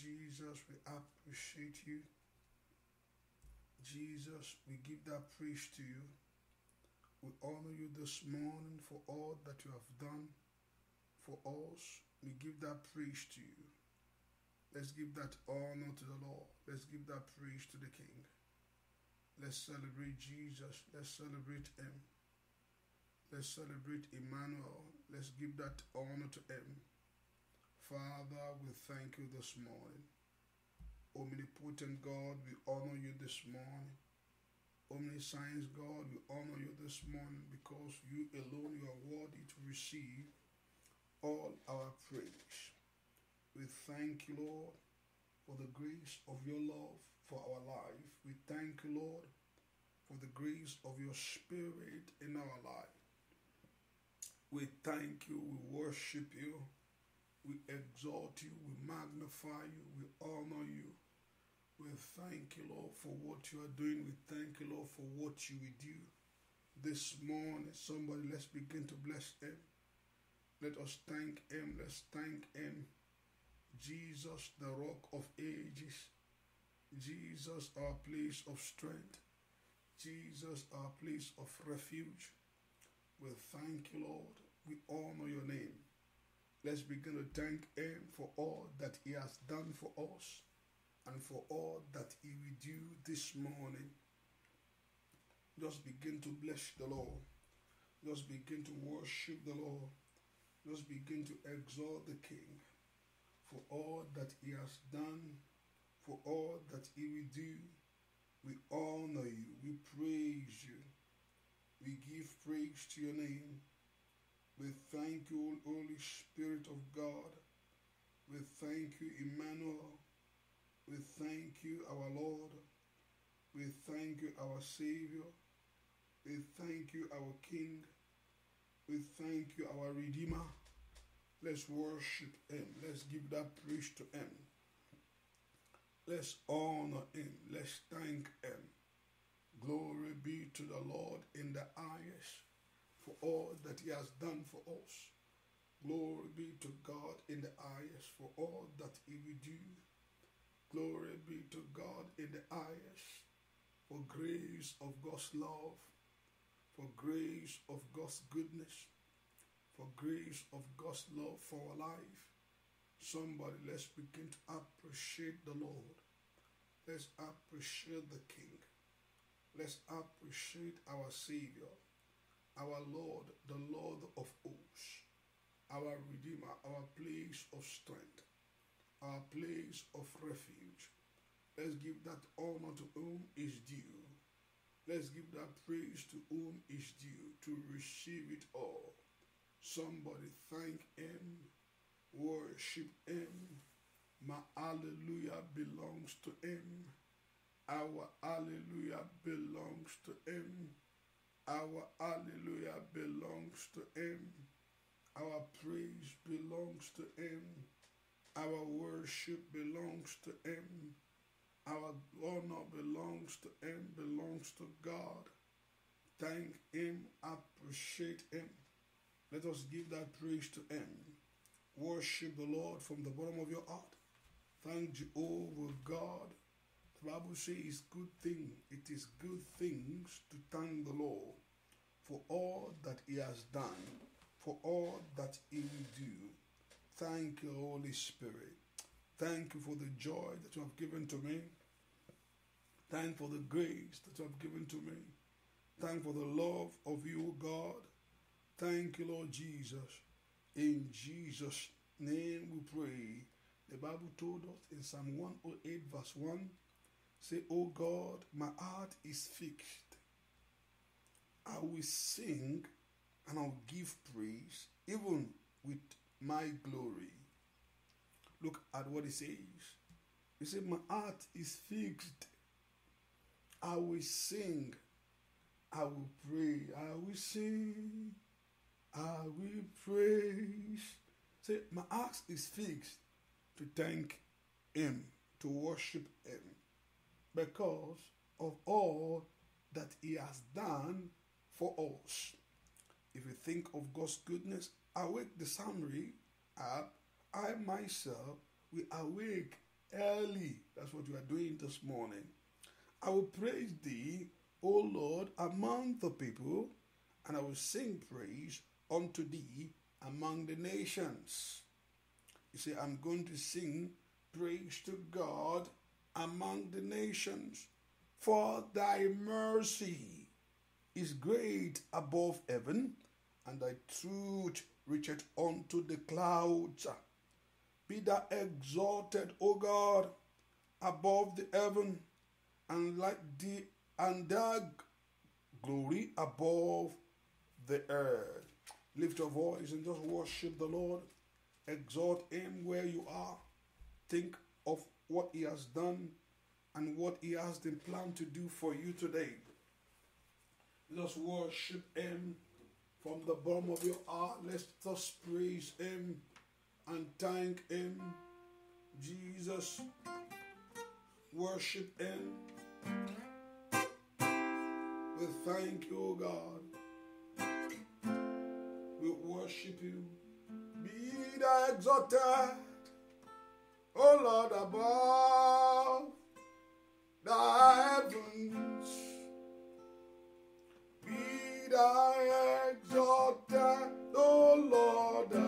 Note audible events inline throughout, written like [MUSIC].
Jesus, we appreciate you. Jesus, we give that praise to you. We honor you this morning for all that you have done for us. We give that praise to you. Let's give that honor to the Lord. Let's give that praise to the King. Let's celebrate Jesus. Let's celebrate Him. Let's celebrate Emmanuel. Let's give that honor to Him. Father, we thank you this morning. Omnipotent God, we honor you this morning. Omniscience God, we honor you this morning because you alone you are worthy to receive all our praise. We thank you, Lord, for the grace of your love for our life. We thank you, Lord, for the grace of your spirit in our life. We thank you, we worship you. We exalt you, we magnify you, we honor you. We thank you, Lord, for what you are doing. We thank you, Lord, for what you will do. This morning, somebody, let's begin to bless him. Let us thank him. Let's thank him. Jesus, the rock of ages. Jesus, our place of strength. Jesus, our place of refuge. We thank you, Lord. We honor your name. Let's begin to thank Him for all that He has done for us and for all that He will do this morning. Just begin to bless the Lord. Just begin to worship the Lord. Just begin to exalt the King for all that He has done, for all that He will do. We honor you. We praise you. We give praise to your name. We thank you, Holy Spirit of God. We thank you, Emmanuel. We thank you, our Lord. We thank you, our Savior. We thank you, our King. We thank you, our Redeemer. Let's worship Him. Let's give that praise to Him. Let's honor Him. Let's thank Him. Glory be to the Lord in the highest for all that He has done for us. Glory be to God in the highest for all that He will do. Glory be to God in the highest for grace of God's love, for grace of God's goodness, for grace of God's love for our life. Somebody, let's begin to appreciate the Lord. Let's appreciate the King. Let's appreciate our Savior our Lord, the Lord of hosts, our Redeemer, our place of strength, our place of refuge. Let's give that honor to whom is due. Let's give that praise to whom is due to receive it all. Somebody thank Him, worship Him. My hallelujah belongs to Him. Our hallelujah belongs to Him. Our hallelujah belongs to Him. Our praise belongs to Him. Our worship belongs to Him. Our honor belongs to Him, belongs to God. Thank Him, appreciate Him. Let us give that praise to Him. Worship the Lord from the bottom of your heart. Thank Jehovah God. The Bible says good thing. It is good things to thank the Lord for all that He has done, for all that He will do. Thank you, Holy Spirit. Thank you for the joy that you have given to me. Thank for the grace that you have given to me. Thank for the love of you, God. Thank you, Lord Jesus. In Jesus' name we pray. The Bible told us in Psalm 108, verse 1 say, O God, my heart is fixed I will sing and I will give praise even with my glory. Look at what he says. He said, My heart is fixed. I will sing. I will pray. I will sing. I will praise. Say, my heart is fixed to thank Him, to worship Him, because of all that He has done for us. If you think of God's goodness, awake the summary app. I myself will awake early. That's what you are doing this morning. I will praise thee, O Lord, among the people, and I will sing praise unto thee among the nations. You see, I'm going to sing praise to God among the nations for thy mercy is great above heaven, and thy truth reacheth unto the clouds. Be thou exalted, O God, above the heaven, and like thee, and thy glory above the earth. Lift your voice and just worship the Lord. Exalt him where you are. Think of what he has done and what he has the plan to do for you today. Let's worship Him from the bottom of your heart. Let's just praise Him and thank Him. Jesus, worship Him. We thank you, God. We worship you. Be the exalted, O Lord above the heavens I exalt the Lord.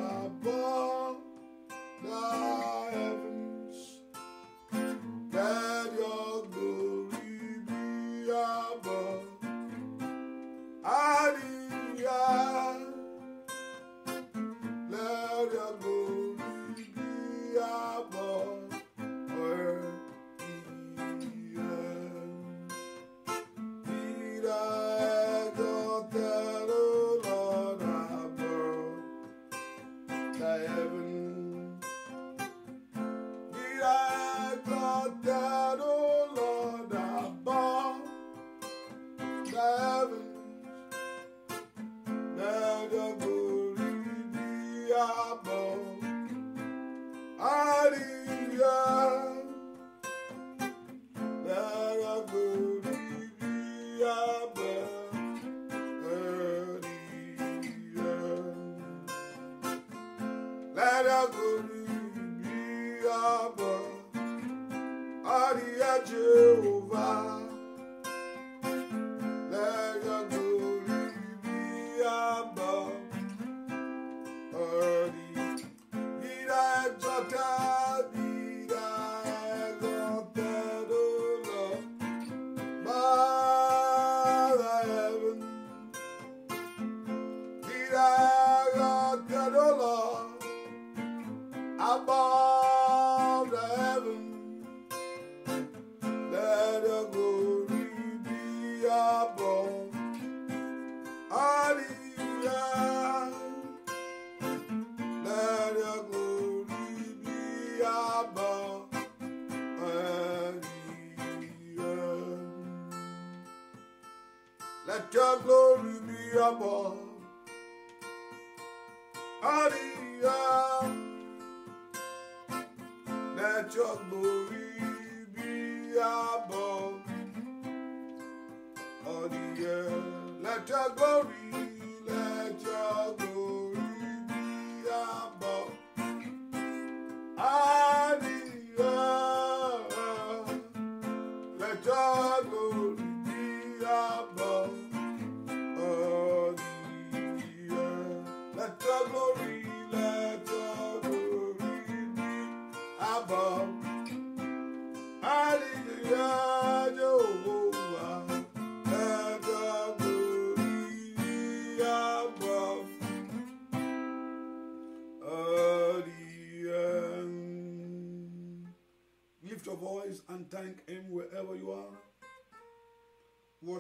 the earth. Let our glory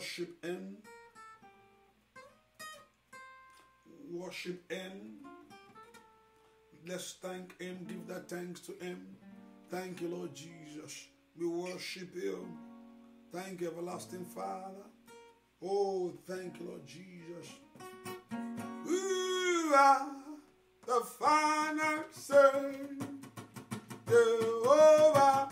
worship Him. Worship Him. Let's thank Him. Give that thanks to Him. Thank you, Lord Jesus. We worship you. Thank you, everlasting Father. Oh, thank you, Lord Jesus. You are the final say. Jehovah.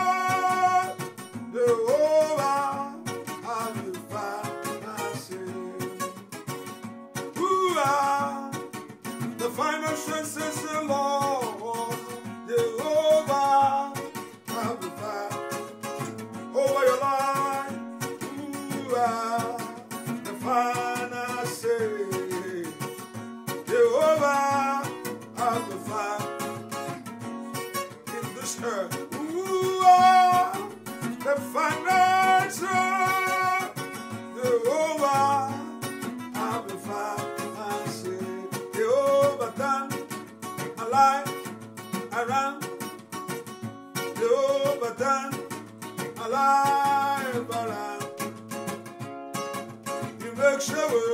alive around the whole pattern, alive around. You make sure.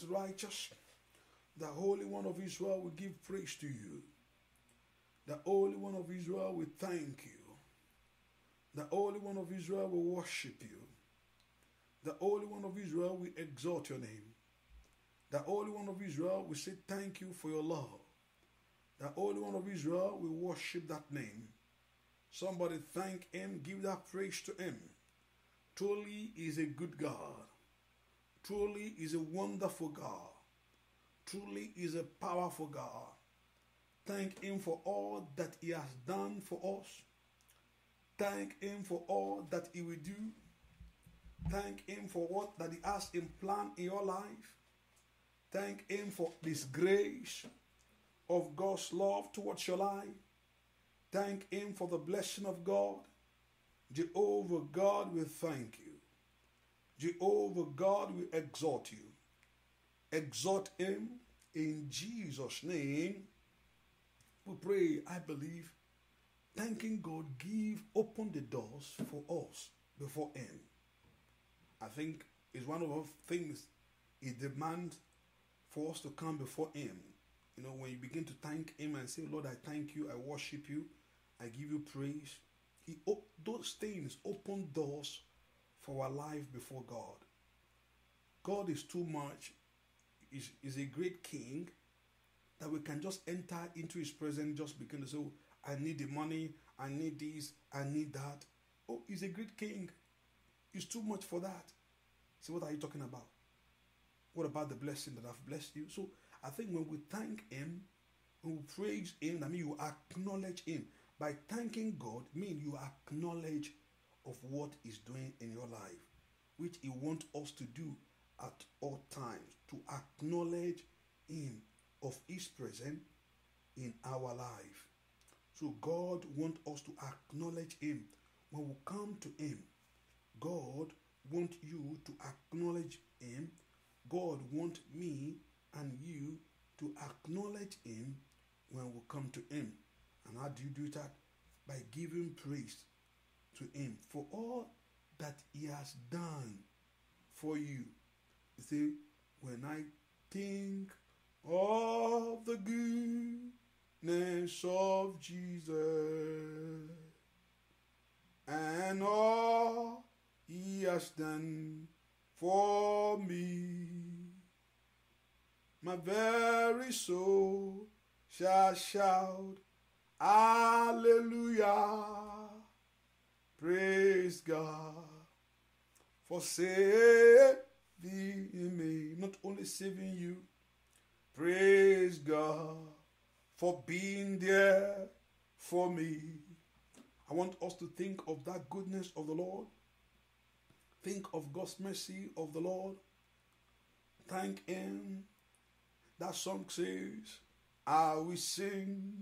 is righteous. The Holy One of Israel will give praise to you. The Holy One of Israel will thank you. The Holy One of Israel will worship you. The Holy One of Israel will exalt your name. The Holy One of Israel will say thank you for your love. The Holy One of Israel will worship that name. Somebody thank him, give that praise to him. Truly is a good God. Truly is a wonderful God. Truly is a powerful God. Thank Him for all that He has done for us. Thank Him for all that He will do. Thank Him for what that He has in plan in your life. Thank Him for this grace of God's love towards your life. Thank Him for the blessing of God. Jehovah God we thank you. Jehovah God will exalt you. Exalt him in Jesus' name. We pray, I believe, thanking God, give open the doors for us before him. I think is one of the things he demands for us to come before him. You know, when you begin to thank him and say, Lord, I thank you, I worship you, I give you praise. He op- those things open doors our life before God. God is too much, is, is a great king that we can just enter into his presence, just because. say, oh, I need the money, I need this, I need that. Oh, he's a great king. It's too much for that. So what are you talking about? What about the blessing that I've blessed you? So I think when we thank him, when we praise him, I mean you acknowledge him. By thanking God, mean you acknowledge of what He's doing in your life, which He wants us to do at all times, to acknowledge Him of His presence in our life. So God wants us to acknowledge Him. When we come to Him, God wants you to acknowledge Him. God wants me and you to acknowledge Him when we come to Him. And how do you do that? By giving praise to him for all that he has done for you. You see, when I think of the goodness of Jesus and all he has done for me, my very soul shall shout, Hallelujah. Praise God for saving me, not only saving you. Praise God for being there for me. I want us to think of that goodness of the Lord. Think of God's mercy of the Lord. Thank Him. That song says, I will sing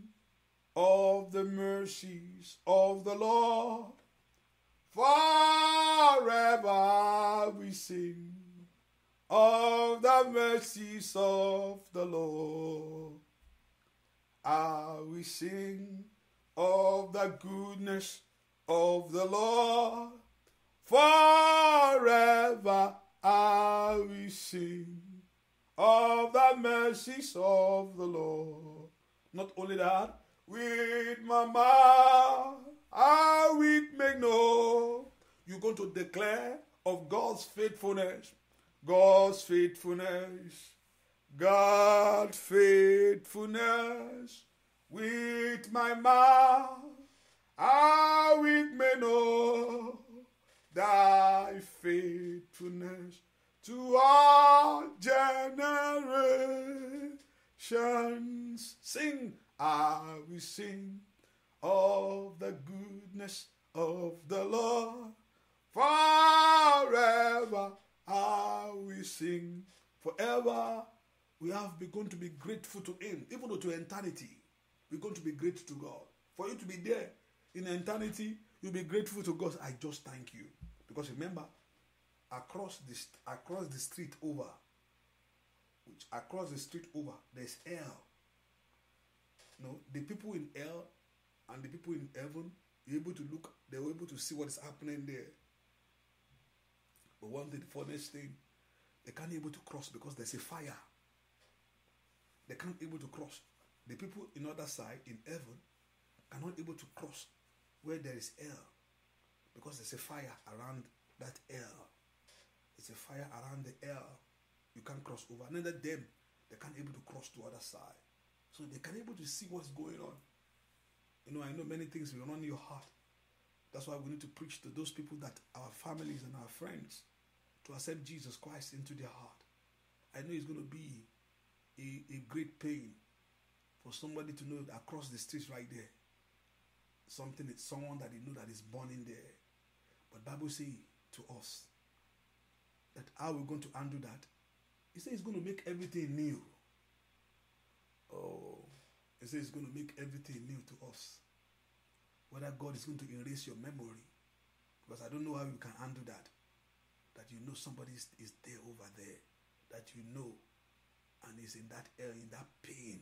of the mercies of the Lord. Forever we sing of the mercies of the Lord. Ah, we sing of the goodness of the Lord. Forever ah we sing of the mercies of the Lord. Not only that, with my mouth how we make no. You're going to declare of God's faithfulness. God's faithfulness. God's faithfulness with my mouth. How we may know thy faithfulness to all generations. Sing, I will sing of the goodness of the Lord. Forever I will sing. Forever we have begun to be grateful to Him, even though to eternity. We're going to be grateful to God. For you to be there in eternity, you'll be grateful to God. I just thank you. Because remember, across this across the street over, which across the street over, there's hell. You no, know, the people in hell and the people in heaven, you're able to look, they were able to see what is happening there. But one thing, the funniest thing, they can't able to cross because there's a fire. They can't able to cross. The people in other side in heaven cannot able to cross where there is air, because there's a fire around that air. It's a fire around the air. You can't cross over. And them, they can't able to cross to other side. So they can able to see what's going on. You know, I know many things will run your heart. That's why we need to preach to those people that our families and our friends to accept Jesus Christ into their heart. I know it's going to be a, a great pain for somebody to know across the street right there something that someone that they know that is born in there. But Bible say to us that how we're going to undo that. He says it's going to make everything new. Oh, he says he's going to make everything new to us. Whether God is going to erase your memory, because I don't know how you can handle that. That you know somebody is, is there over there, that you know, and is in that air, eh, in that pain.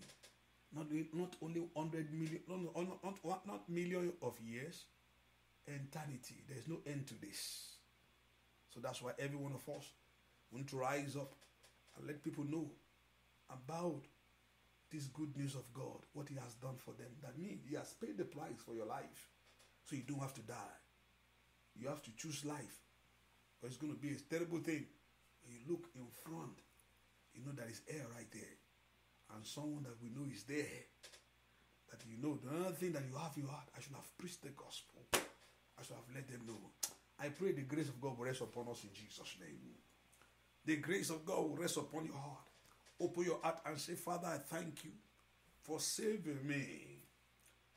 Not, not only 100 million, not, not, not, not million of years, eternity. There's no end to this. So that's why every one of us want to rise up and let people know about this good news of God, what He has done for them. That means He has paid the price for your life. So you don't have to die. You have to choose life. but it's going to be a terrible thing. When you look in front, you know there is air right there. And someone that we know is there. That you know, the only thing that you have in your heart, I should have preached the gospel. I should have let them know. I pray the grace of God will rest upon us in Jesus' name. The grace of God will rest upon your heart Open your heart and say, Father, I thank you for saving me.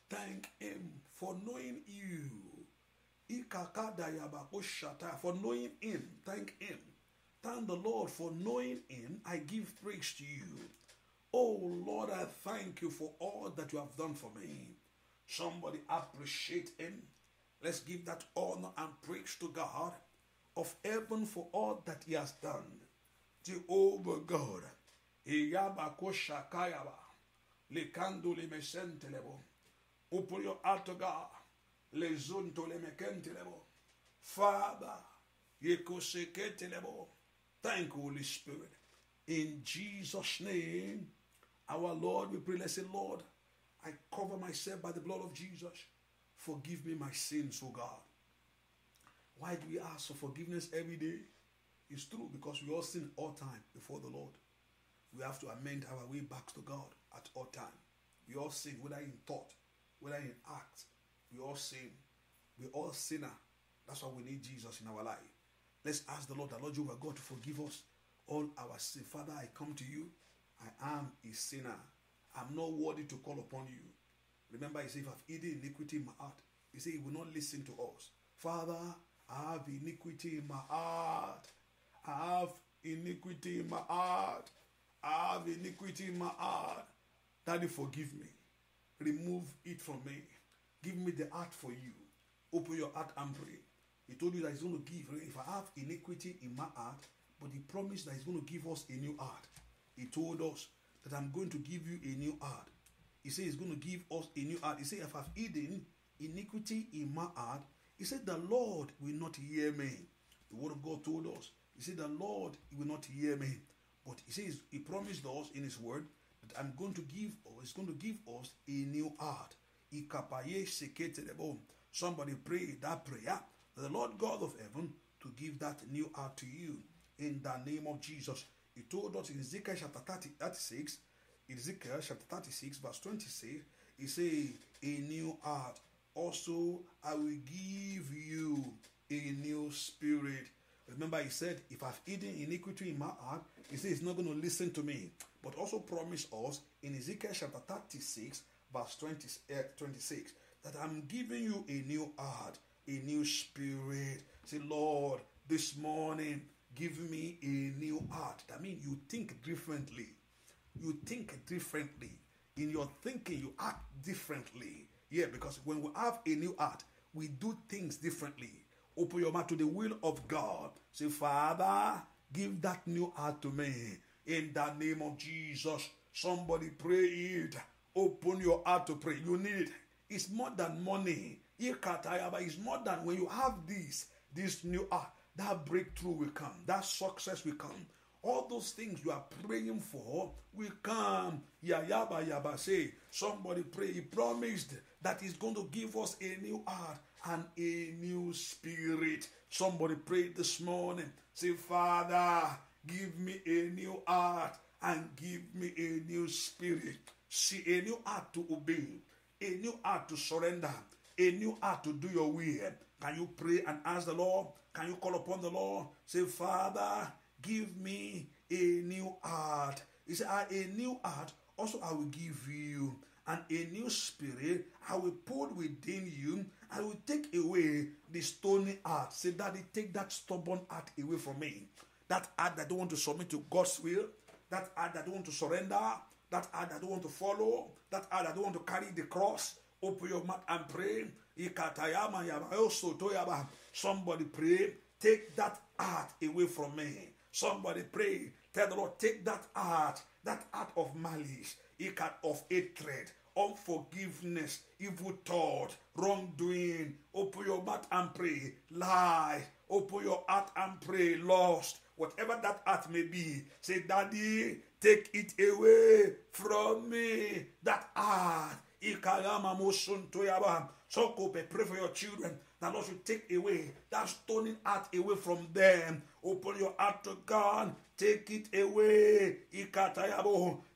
Thank Him for knowing you. For knowing Him. Thank Him. Thank the Lord for knowing Him. I give praise to you. Oh Lord, I thank you for all that you have done for me. Somebody appreciate Him. Let's give that honor and praise to God of heaven for all that He has done. Jehovah God. Likando lemesentelebo. Open your heart to God. Lezunto lemekentelebo. Father, yekoseketelebo. Thank you, Holy Spirit. In Jesus' name, our Lord, we pray, let's say, Lord, I cover myself by the blood of Jesus. Forgive me my sins, oh God. Why do we ask for forgiveness every day? It's true because we all sin all time before the Lord. We have to amend our way back to God at all time. We all sin, whether in thought, whether in act. We all sin. We all sinner. That's why we need Jesus in our life. Let's ask the Lord, the Lord Jehovah God, to forgive us all our sin. Father, I come to you. I am a sinner. I'm not worthy to call upon you. Remember, he said, if I've hidden iniquity in my heart, he said, he will not listen to us. Father, I have iniquity in my heart. I have iniquity in my heart. I have iniquity in my heart. Daddy, forgive me. Remove it from me. Give me the heart for you. Open your heart and pray. He told you that he's going to give. If I have iniquity in my heart, but he promised that he's going to give us a new heart. He told us that I'm going to give you a new heart. He said he's going to give us a new heart. He said, if I've hidden iniquity in my heart, he said, the Lord will not hear me. The word of God told us. He said, the Lord will not hear me. But he says he promised us in his word that I'm going to give or he's going to give us a new heart. Somebody pray that prayer that the Lord God of heaven to give that new heart to you in the name of Jesus. He told us in Ezekiel chapter 30, 36, Ezekiel chapter 36, verse 26, he said, A new heart. Also, I will give you a new spirit Remember, he said, If I've hidden iniquity in my heart, he says he's not going to listen to me. But also promise us in Ezekiel chapter 36, verse 20, uh, 26, that I'm giving you a new heart, a new spirit. Say, Lord, this morning, give me a new heart. I mean, you think differently. You think differently. In your thinking, you act differently. Yeah, because when we have a new heart, we do things differently Open your mouth to the will of God. Say, Father, give that new heart to me. In the name of Jesus. Somebody pray it. Open your heart to pray. You need it. It's more than money. It's more than when you have this, this new heart, that breakthrough will come, that success will come. All those things you are praying for will come. Yayaba yaba say, somebody pray. He promised that he's going to give us a new heart and a new spirit. Somebody prayed this morning. Say, Father, give me a new heart and give me a new spirit. See, a new heart to obey, a new heart to surrender, a new heart to do your will. Can you pray and ask the Lord? Can you call upon the Lord? Say, Father, give me a new heart. He said, ah, A new heart also I will give you, and a new spirit I will put within you, I will take away the stony heart. Say, Daddy, take that stubborn heart away from me. That heart that don't want to submit to God's will. That heart that don't want to surrender. That heart that don't want to follow. That heart that don't want to carry the cross. Open your mouth and pray. Somebody pray. Take that heart away from me. Somebody pray. Tell the Lord, take that heart, that heart of malice, of hatred, unforgiveness, evil thought, wrongdoing. Open your mouth and pray. Lie. Open your heart and pray. Lost. Whatever that heart may be. Say, Daddy, take it away from me. That heart. So go pray for your children. That Lord should take away that stoning heart away from them. Open your heart to God. Take it away.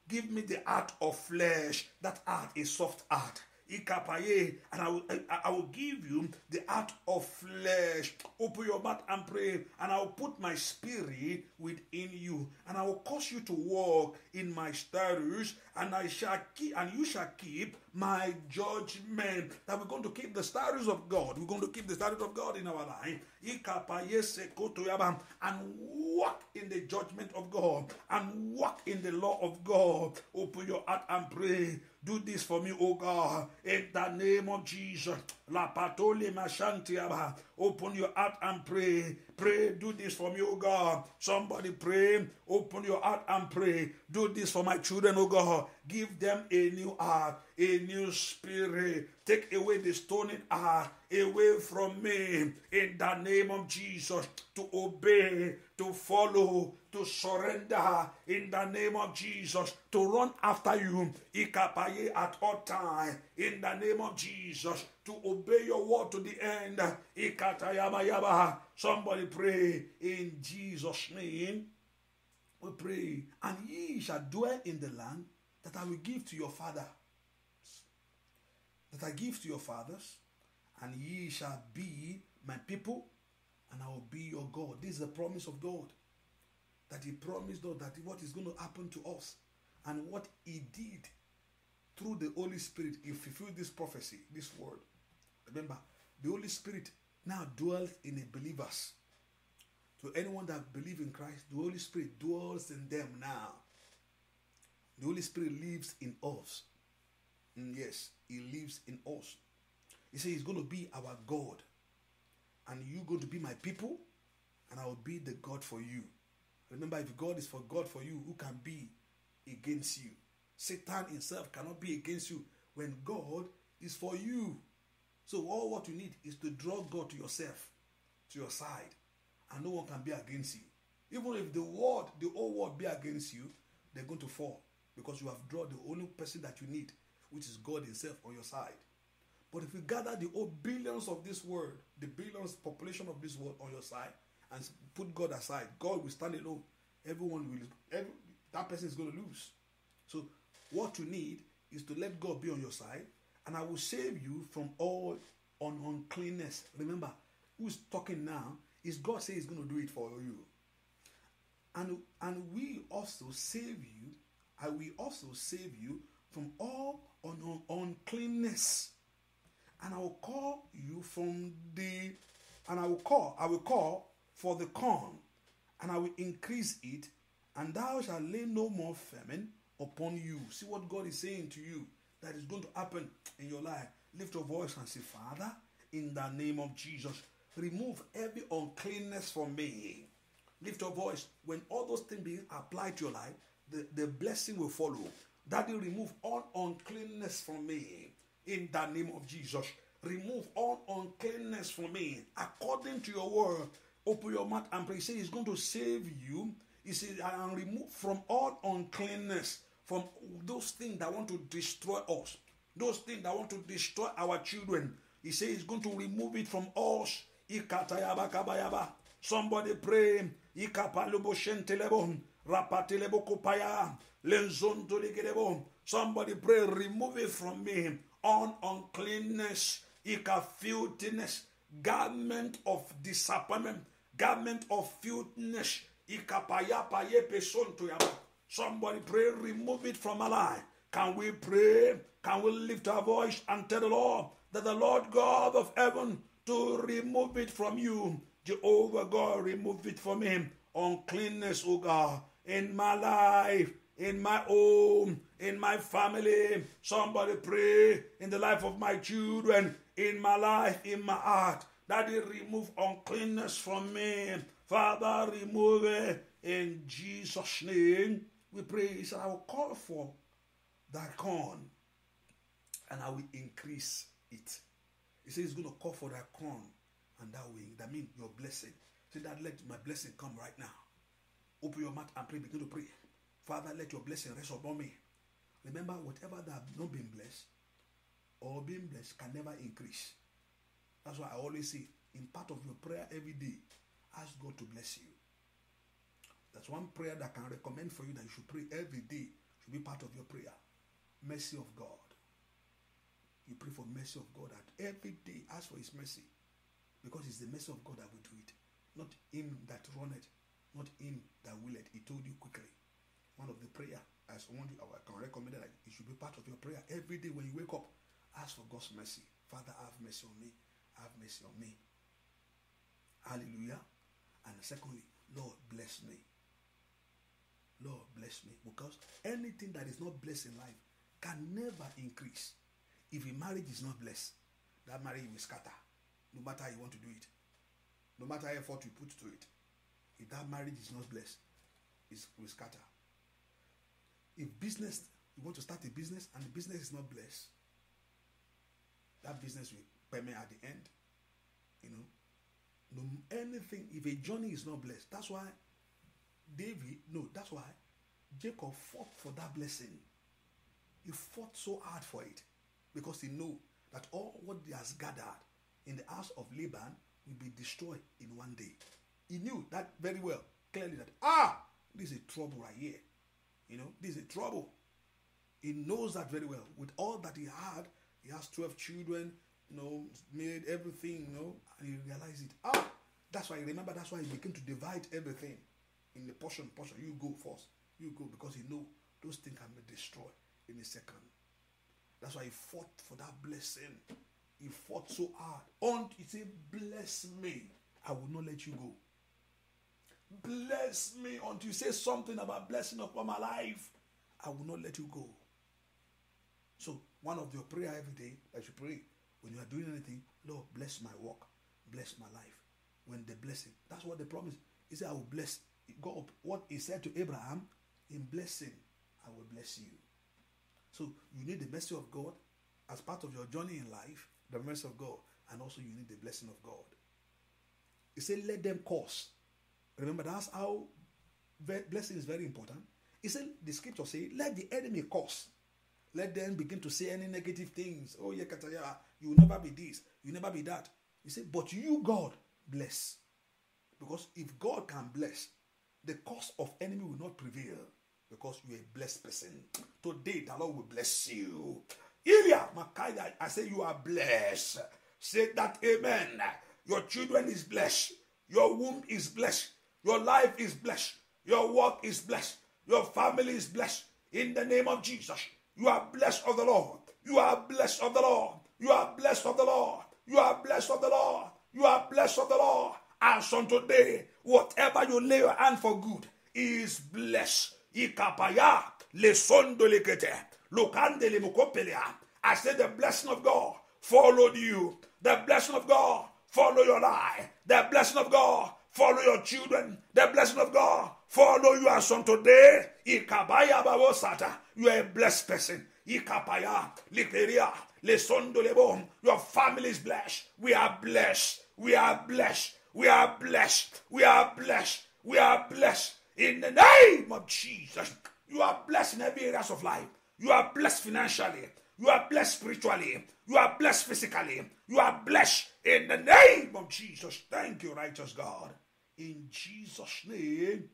Give me the heart of flesh. That heart is soft heart. And I will, I will give you the art of flesh. Open your mouth and pray. And I will put my spirit within you. And I will cause you to walk in my statutes and I shall keep, and you shall keep my judgment. That we're going to keep the statutes of God. We're going to keep the statutes of God in our life. And walk in the judgment of God. And walk in the law of God. Open your heart and pray. Do this for me, O God. In the name of Jesus. La patole Open your heart and pray. Pray, do this for me, oh God. Somebody pray. Open your heart and pray. Do this for my children, oh God. Give them a new heart, a new spirit. Take away the stoning heart away from me in the name of Jesus to obey, to follow, to surrender in the name of Jesus, to run after you ikapaye at all time in the name of Jesus, to obey your word to the end. Somebody pray in Jesus' name. We pray, and ye shall dwell in the land that I will give to your father, that I give to your fathers, and ye shall be my people, and I will be your God. This is the promise of God. That He promised us that what is going to happen to us and what He did through the Holy Spirit, He fulfilled this prophecy, this word. Remember, the Holy Spirit now dwells in the believers. To anyone that believes in Christ, the Holy Spirit dwells in them now. The Holy Spirit lives in us. Mm, yes, He lives in us. He says He's going to be our God. And you're going to be my people, and I will be the God for you. Remember, if God is for God for you, who can be against you? Satan himself cannot be against you when God is for you. So all what you need is to draw God to yourself, to your side, and no one can be against you. Even if the world, the whole world be against you, they're going to fall because you have drawn the only person that you need, which is God Himself, on your side. But if you gather the whole billions of this world, the billions population of this world on your side, and put God aside, God will stand alone. Everyone will, every, that person is going to lose. So, what you need is to let God be on your side, and I will save you from all on uncleanness. Remember, who's talking now is God says He's going to do it for you. And, and we also save you I will also save you from all un- uncleanness. And I will call you from the, and I will call, I will call for the corn, and I will increase it, and thou shalt lay no more famine upon you. See what God is saying to you that is going to happen in your life. Lift your voice and say, Father, in the name of Jesus, remove every uncleanness from me. Lift your voice. When all those things being applied to your life, the, the blessing will follow. Daddy, remove all uncleanness from me in the name of Jesus. Remove all uncleanness from me according to your word. Open your mouth and pray. Say, He's going to save you. He says, I am removed from all uncleanness, from those things that want to destroy us, those things that want to destroy our children. He says, He's going to remove it from us. Somebody pray. Somebody pray, remove it from me. On uncleanness, filthiness, garment of disappointment, garment of filthiness. Somebody pray, remove it from my life. Can we pray? Can we lift our voice and tell the Lord that the Lord God of heaven to remove it from you? Jehovah God, remove it from him. Uncleanness, O God in my life, in my home, in my family. Somebody pray in the life of my children, in my life, in my heart. that Daddy, remove uncleanness from me. Father, remove it. In Jesus' name, we pray. He said, I will call for that corn and I will increase it. He says he's going to call for that corn and that wing. That means your blessing. Say that let my blessing come right now. Open your mouth and pray. Begin to pray. Father, let your blessing rest upon me. Remember, whatever that have not been blessed or being blessed can never increase. That's why I always say, in part of your prayer every day, ask God to bless you. That's one prayer that I can recommend for you that you should pray every day. Should be part of your prayer. Mercy of God. You pray for mercy of God and every day ask for his mercy. Because it's the mercy of God that will do it, not him that run it. not him that will it. He told you quickly. One of the prayer I want you, I can recommend that it should be part of your prayer every day when you wake up. Ask for God's mercy. Father, have mercy on me. Have mercy on me. Hallelujah. And secondly, Lord, bless me. Lord, bless me. Because anything that is not blessed in life can never increase. If a marriage is not blessed, that marriage will scatter. No matter how you want to do it, no matter how effort you put to it, if that marriage is not blessed it will scatter if business you want to start a business and the business is not blessed that business will permit at the end you know no anything if a journey is not blessed that's why david no that's why jacob fought for that blessing he fought so hard for it because he knew that all what he has gathered in the house of laban will be destroyed in one day He knew that very well, clearly that, ah, this is trouble right here. You know, this is trouble. He knows that very well. With all that he had, he has 12 children, you know, made everything, you know, and he realized it. Ah, that's why, remember, that's why he began to divide everything in the portion, portion. You go first, you go, because he know those things can be destroyed in a second. That's why he fought for that blessing. He fought so hard. And he said, Bless me, I will not let you go. Bless me until you say something about blessing upon my life. I will not let you go. So, one of your prayer every day as you pray, when you are doing anything, Lord, bless my work, bless my life. When the blessing, that's what the promise. He said, I will bless God. What he said to Abraham, in blessing, I will bless you. So you need the mercy of God as part of your journey in life, the mercy of God, and also you need the blessing of God. He said, Let them cause Remember, that's how blessing is very important. He said, the scripture say, let the enemy curse. Let them begin to say any negative things. Oh, yeah, Kataya, you will never be this, you will never be that. He said, but you, God, bless. Because if God can bless, the curse of enemy will not prevail because you're a blessed person. Today, the Lord will bless you. Ilya, Makaya, I say you are blessed. Say that, Amen. Your children is blessed. Your womb is blessed. Your life is blessed. Your work is blessed. Your family is blessed. In the name of Jesus, you are blessed of the Lord. You are blessed of the Lord. You are blessed of the Lord. You are blessed of the Lord. You are blessed of the Lord. As on today, whatever you lay your hand for good is blessed. I say the blessing of God followed you. The blessing of God followed your life. The blessing of God Follow your children. The blessing of God. Follow you as on today. You are a blessed person. Your family is blessed. We are blessed. We are blessed. We are blessed. We are blessed. We are blessed. In the name of Jesus. You are blessed in every areas of life. You are blessed financially. You are blessed spiritually. You are blessed physically. You are blessed in the name of Jesus. Thank you, righteous God. In Jesus' name,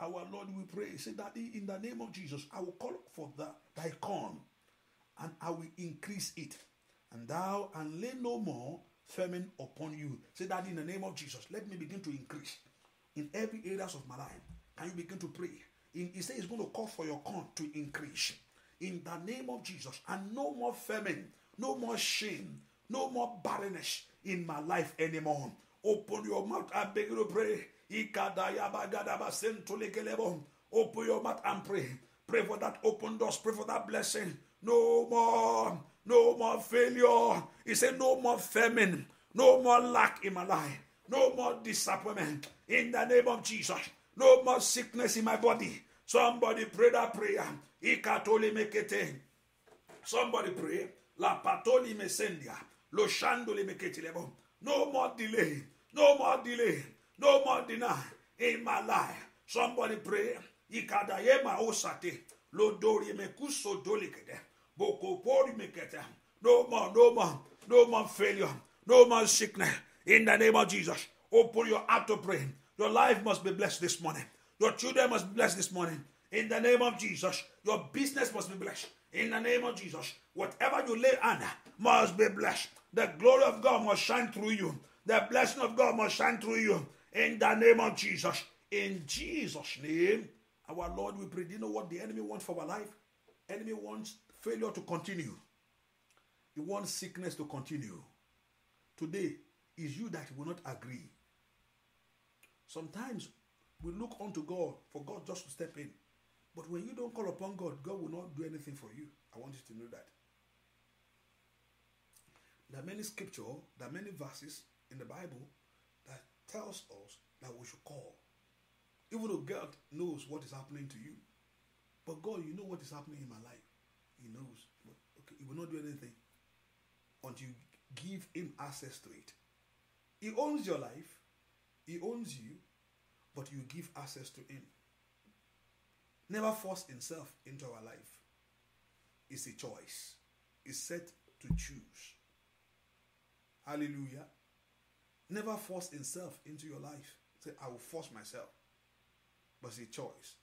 our Lord, we pray. Say, that in the name of Jesus, I will call for the, thy corn and I will increase it. And thou, and lay no more famine upon you. Say, that in the name of Jesus, let me begin to increase in every areas of my life. Can you begin to pray? he says he's going to call for your corn to increase. in the name of Jesus. And no more famine, no more shame, no more barrenness in my life anymore. Open your mouth. I beg you to pray. Open your mouth and pray. Pray for that open doors. Pray for that blessing. No more. No more failure. He said, No more famine. No more lack in my life. No more disappointment. In the name of Jesus. No more sickness in my body. Somebody pray that prayer. Ikatolemekete. Somebody pray. La patoli mesendia. Lo shando lemeketilebo. No more delay. No more delay. No more deny in my life. Somebody pray. ma osate. Lo dori mekuso dolikete. Boko pori mekete. No more, no more, no more failure. No more sickness. In the name of Jesus. Open your heart to pray. Your life must be blessed this morning. Your children must be blessed this morning. In the name of Jesus. Your business must be blessed. In the name of Jesus, whatever you lay under must be blessed. The glory of God must shine through you. The blessing of God must shine through you. In the name of Jesus. In Jesus' name, our Lord, we pray. Do you know what the enemy wants for our life? Enemy wants failure to continue. He wants sickness to continue. Today is you that will not agree. Sometimes we look unto God for God just to step in. But when you don't call upon God, God will not do anything for you. I want you to know that. There are many scripture, there are many verses in the Bible that tells us that we should call. Even though God knows what is happening to you. But God, you know what is happening in my life. He knows. But okay, he will not do anything until you give him access to it. He owns your life, he owns you, but you give access to him never force himself into our life. It's a choice. It's set to choose. Hallelujah. Never force himself into your life. Say, I will force myself. But it's a choice.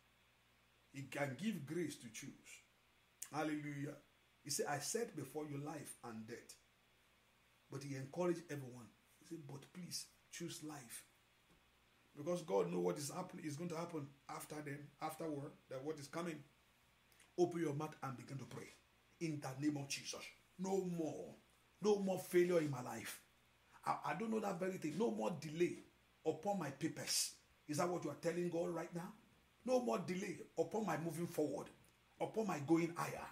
He can give grace to choose. Hallelujah. He said, I set before you life and death. But he encouraged everyone. He said, But please choose life because God knows what is happening is going to happen after them, afterward, that what is coming. Open your mouth and begin to pray. In the name of Jesus. No more. No more failure in my life. I, I don't know that very thing. No more delay upon my papers. Is that what you are telling God right now? No more delay upon my moving forward, upon my going higher.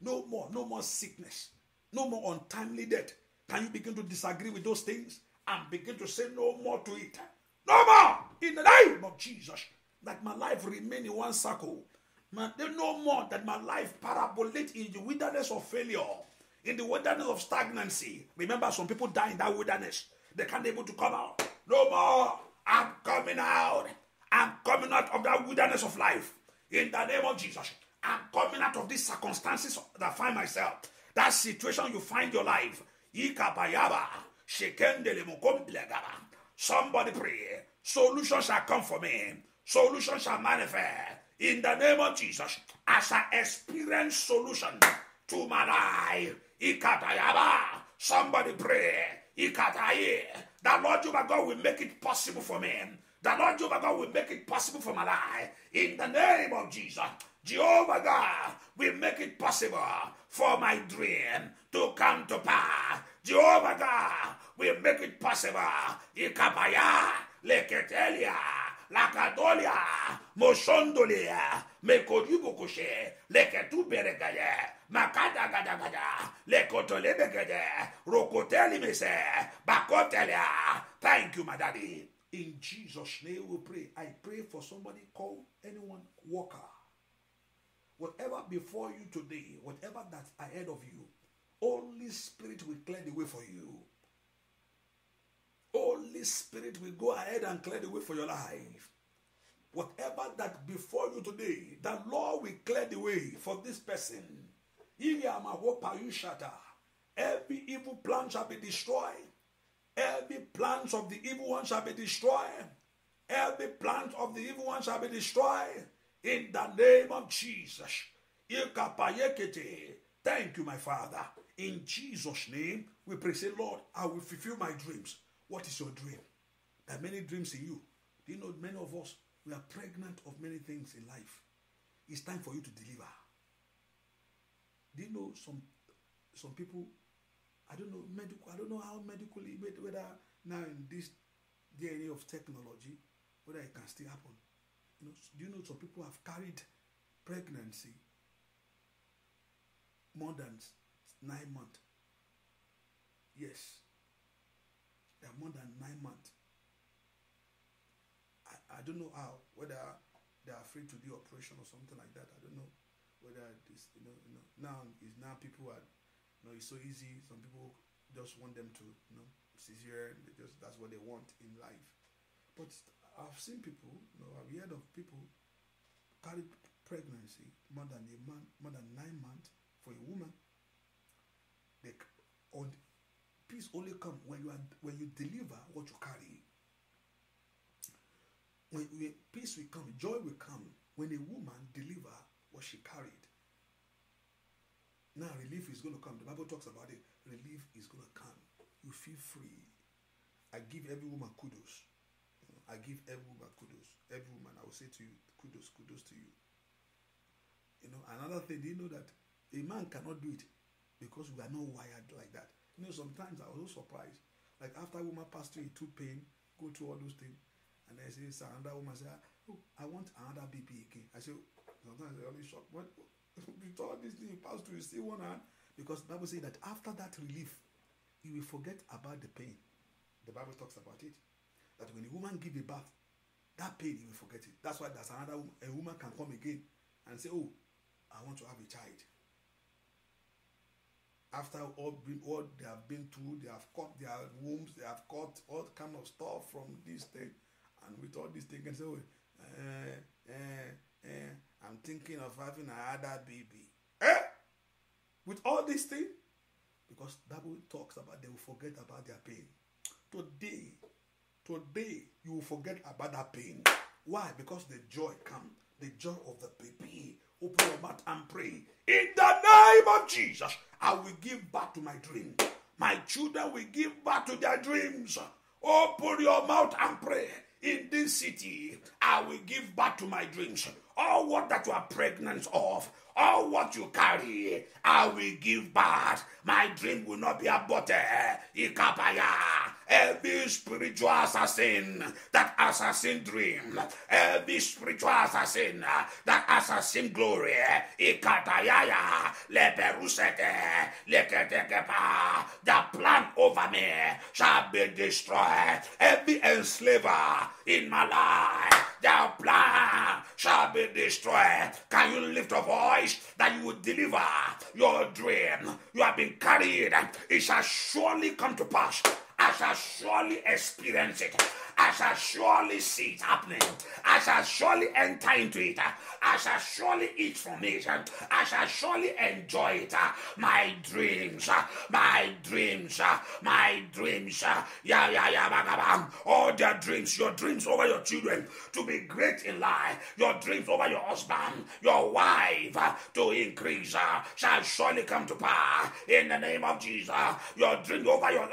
No more, no more sickness, no more untimely death. Can you begin to disagree with those things and begin to say no more to it? No more. In the name of Jesus. That my life remain in one circle. Man, no more that my life parabolate in the wilderness of failure, in the wilderness of stagnancy. Remember, some people die in that wilderness. They can't able to come out. No more. I'm coming out. I'm coming out of that wilderness of life. In the name of Jesus. I'm coming out of these circumstances that find myself. That situation you find your life. Ikabayaba. Shekendele Somebody pray. Solution shall come for me. Solution shall manifest. In the name of Jesus, as I experience solution to my life, Somebody pray. Ikataye. The Lord Jehovah God will make it possible for me. The Lord Jehovah God will make it possible for my life. In the name of Jesus, Jehovah God will make it possible for my dream to come to pass. Jehovah God We make it possible. Ikabaya, Leketelia, Lakadolia, Moshondolia, Mekodubukushe, Leketuberegaye, Makadagadagada, Lekotolebegede, Rokotelimise, Bakotelia. Thank you, my daddy. In Jesus' name we pray. I pray for somebody called anyone worker. Whatever before you today, whatever that's ahead of you, only Spirit will clear the way for you. Holy Spirit will go ahead and clear the way for your life. Whatever that before you today, the Lord will clear the way for this person. Every evil plan shall be destroyed. Every plans of the evil one shall be destroyed. Every plant of the evil one shall be destroyed. In the name of Jesus. Thank you, my Father. In Jesus' name, we pray, say, Lord, I will fulfill my dreams. What is your dream? There are many dreams in you. Do you know many of us, we are pregnant of many things in life. It's time for you to deliver. Do you know some some people, I don't know medical, I don't know how medically, whether now in this DNA of technology, whether it can still happen. You know, do you know some people have carried pregnancy more than nine months? Yes. They are more than nine months. I, I don't know how, whether they are afraid to do operation or something like that. I don't know whether this, you know, you know. Now, is now people are, you know, it's so easy. Some people just want them to, you know, cesarean. They just, that's what they want in life. But I've seen people, you know, I've heard of people carry pregnancy more than a month, more than nine months for a woman. They on peace only come when you are when you deliver what you carry. When, when peace will come, joy will come when a woman deliver what she carried. Now relief is going to come. The Bible talks about it. Relief is going to come. You feel free. I give every woman kudos. I give every woman kudos. Every woman, I will say to you, kudos, kudos to you. You know, another thing, do you know that a man cannot do it because we are not wired like that. You know, sometimes I was so surprised. Like after woman passed through, it took pain, go through all those things. And then I say, "Sir, another woman said, oh, I want another baby again. I say, sometimes I only shocked. When with all this thing pass through, you see one hand. Because Bible says that after that relief, you will forget about the pain. The Bible talks about it. That when a woman give a bath, that pain you will forget it. That's why there's another a woman can come again and say, Oh, I want to have a child after all, what they have been through, they have cut their wombs, they have cut all kind of stuff from this thing, and with all this thing, and say, uh, uh, uh, I'm thinking of having another baby. Eh? With all this thing, because Bible talks about they will forget about their pain. Today, today you will forget about that pain. Why? Because the joy comes, the joy of the baby Open your mouth and pray. In the name of Jesus, I will give back to my dream. My children will give back to their dreams. Open your mouth and pray. In this city, I will give back to my dreams. All what that you are pregnant of, all what you carry, I will give back. My dream will not be aborted. Ikapaya every spiritual assassin that assassin dream, every spiritual assassin that assassin glory, ikatayaya, leperusete, leketekepa, The plan over me shall be destroyed. Every enslaver in my life, their plan shall be destroyed. Can you lift a voice that you will deliver your dream? You have been carried, it shall surely come to pass. I shall surely experience it. I shall surely see it happening. I shall surely enter into it. I shall surely eat from it. I shall surely enjoy it. My dreams, my dreams, my dreams. Yeah, yeah, yeah. All their dreams, your dreams over your children to be great in life, your dreams over your husband, your wife to increase uh, shall surely come to pass in the name of Jesus. Your dream over your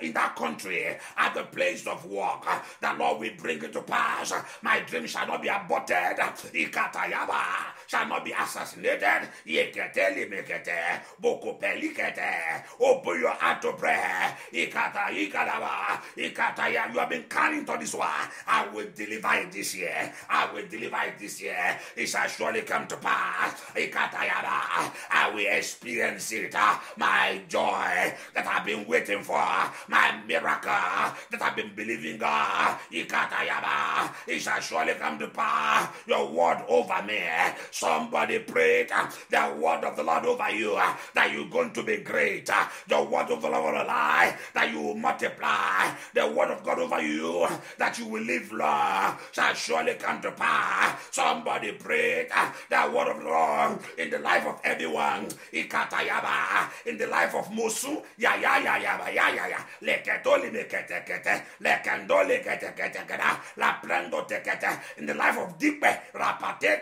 in that country at the place of war uh, the Lord will bring it to pass. My dream shall not be aborted. Ikatayaba shall not be assassinated. Yekete limekete. Bokopelikete. Open your heart to prayer. Ikata ikadaba. Ikataya. You have been carrying to this one. I will deliver it this year. I will deliver it this year. It shall surely come to pass. Ikatayaba. I will experience it. Uh, my joy that I've been waiting for. My miracle that I've been believing he Ikatayaba, it shall surely come to pass. Your word over me. Somebody prayed the word of the Lord over you that you're going to be great. The word of the Lord over lie that you will multiply. The word of God over you that you will live long shall surely come to pass. Somebody prayed the word of the Lord in the life of everyone. Ikatayaba, in the life of Musu. Ya ya ya ya ya ya ya. Leketoli mekete kete. Lekendo laplando in the life of Dipe, rapate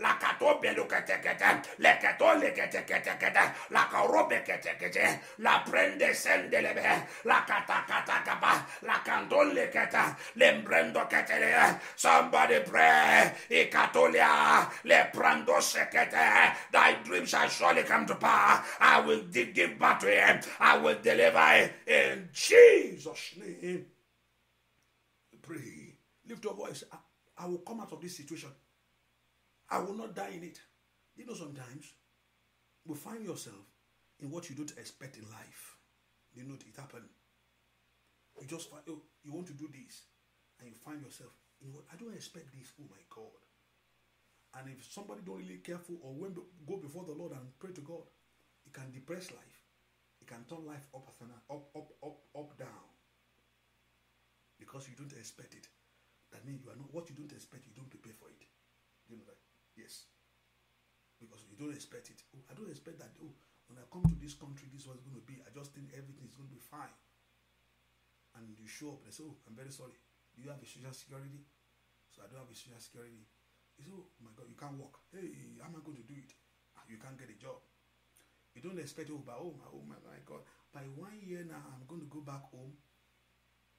la catobe lucatekete, leketole ketekete, la carobe ketekete, la prende sendelebe, la catacatacapa, la cantole keta, lembrendo ketele, somebody pray, I'll ikatolia, leprando sekete, thy dream shall surely come to pass, I will give, give back to him, I will deliver him, in Jesus' name pray. Lift your voice. I, I will come out of this situation. I will not die in it. You know, sometimes you find yourself in what you don't expect in life. You know, it happened. You just find, oh, you want to do this, and you find yourself in what I don't expect this. Oh my God. And if somebody don't really careful or when go before the Lord and pray to God, it can depress life. It can turn life up, up, up, up, up down. because you don't expect it. That means you are not what you don't expect, you don't prepare for it. You know that? Yes. Because you don't expect it. Oh, I don't expect that. Oh, when I come to this country, this was going to be. I just think everything is going to be fine. And you show up and say, Oh, I'm very sorry. Do you have a social security? So I don't have a social security. You say, Oh my God, you can't work. Hey, how am I going to do it? Ah, you can't get a job. You don't expect, oh, but oh my, oh my, my God, by one year now, I'm going to go back home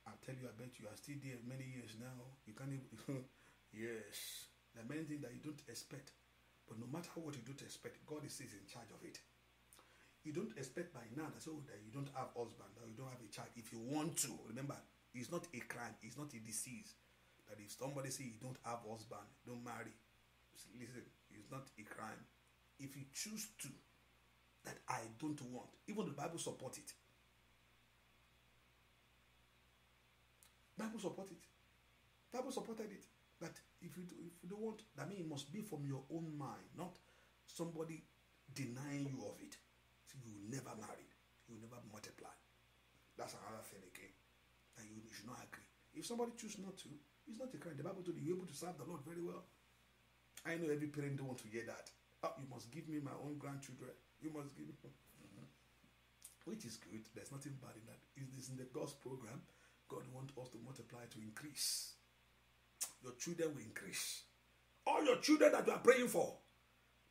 I tell you, I bet you are still there many years now. You can't even. [LAUGHS] yes. There are many things that you don't expect. But no matter what you don't expect, God is in charge of it. You don't expect by now that, so that you don't have husband or you don't have a child. If you want to, remember, it's not a crime, it's not a disease. That if somebody say you don't have husband, don't marry. Listen, it's not a crime. If you choose to, that I don't want, even the Bible support it. Bible support it. Bible supported it. That if you, do, if you don't want, that means it must be from your own mind, not somebody denying you of it. So you will never marry. You will never multiply. That's another thing again. That you, you should not agree. If somebody choose not to, it's not a crime. The Bible told you you're able to serve the Lord very well. I know every parent don't want to hear that. Oh, you must give me my own grandchildren. You must give me. [LAUGHS] Which is good. There's nothing bad in that. It's in the God's program God wants us to multiply, to increase. Your children will increase. All your children that you are praying for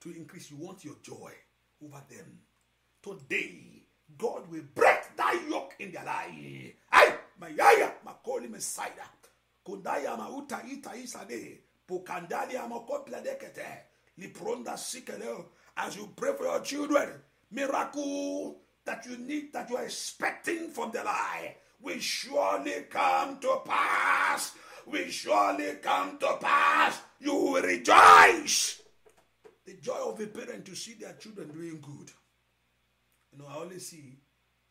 to increase, you want your joy over them. Today, God will break that yoke in their life. Ay, mayaya, makoli messiah. ma uta ita isade. Pokandalia makopla dekete. Lipronda sikele. As you pray for your children, miracle that you need, that you are expecting from the life will surely come to pass. Will surely come to pass. You will rejoice. The joy of a parent to see their children doing good. You know, I always see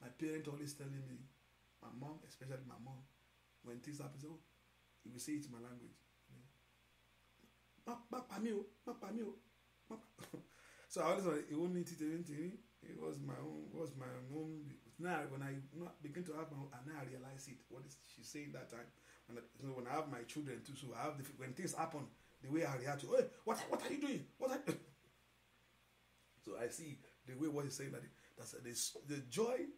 my parents always telling me, my mom, especially my mom, when things happen, oh, you will say it in my language. [LAUGHS] So I always o, má pa mí to má pa. it, it was my own, it was my own Now, when I begin to have my and now I realize it. What is she saying that time? When I, you know, when I have my children too, so I have the, when things happen, the way I react to, hey, what, what are you doing? What are [LAUGHS] so I see the way what he's saying that that's the, the joy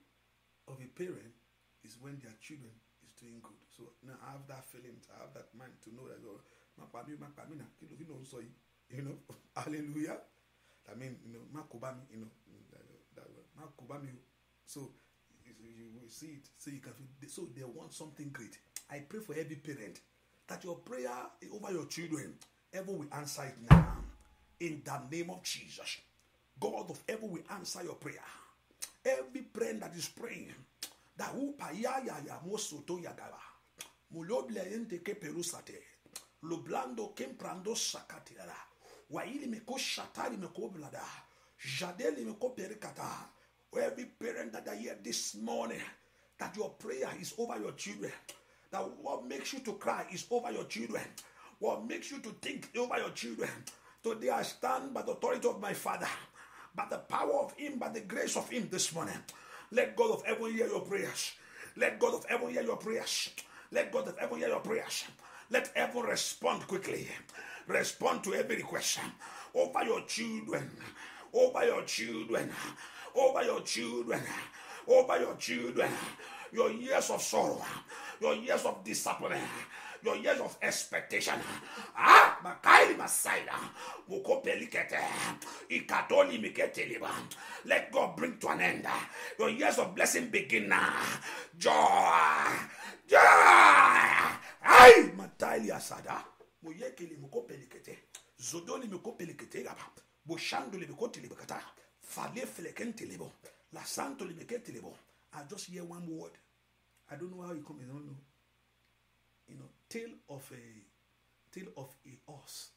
of a parent is when their children is doing good. So now I have that feeling, I have that mind to know that God, oh, má sọ [LAUGHS] you know, [LAUGHS] hallelujah. I mean, you know, you know, that, that, má So you will see it so you can feel so they want something great i pray for every parent that your prayer over your children Ever will answer it now in the name of jesus god of ever will answer your prayer every prayer that is praying that who payaya ya mosoto yagaba muloble yente ke perusate loblando kemprando sakatira waili meko shatari meko blada jadeli meko perikata Every parent that I hear this morning, that your prayer is over your children, that what makes you to cry is over your children, what makes you to think over your children. Today I stand by the authority of my Father, by the power of Him, by the grace of Him this morning. Let God of heaven hear your prayers. Let God of heaven hear your prayers. Let God of heaven hear your prayers. Let heaven respond quickly. Respond to every question over your children. Over your children. over your children, over your children, your years of sorrow, your years of disappointment your years of expectation. Ah, makaili masaida, mukopelikete, ikatoni miketeliba. Let God bring to an end. Your years of blessing begin now. Joy, joy. Ay, matali asada, muyekili mukopelikete, zodoni mukopelikete gaba, bushanduli mikotilibakata. Fale televo. La santo libeke televo. I just hear one word. I don't know how it come. I don't know. You know, tale of a tale of a horse.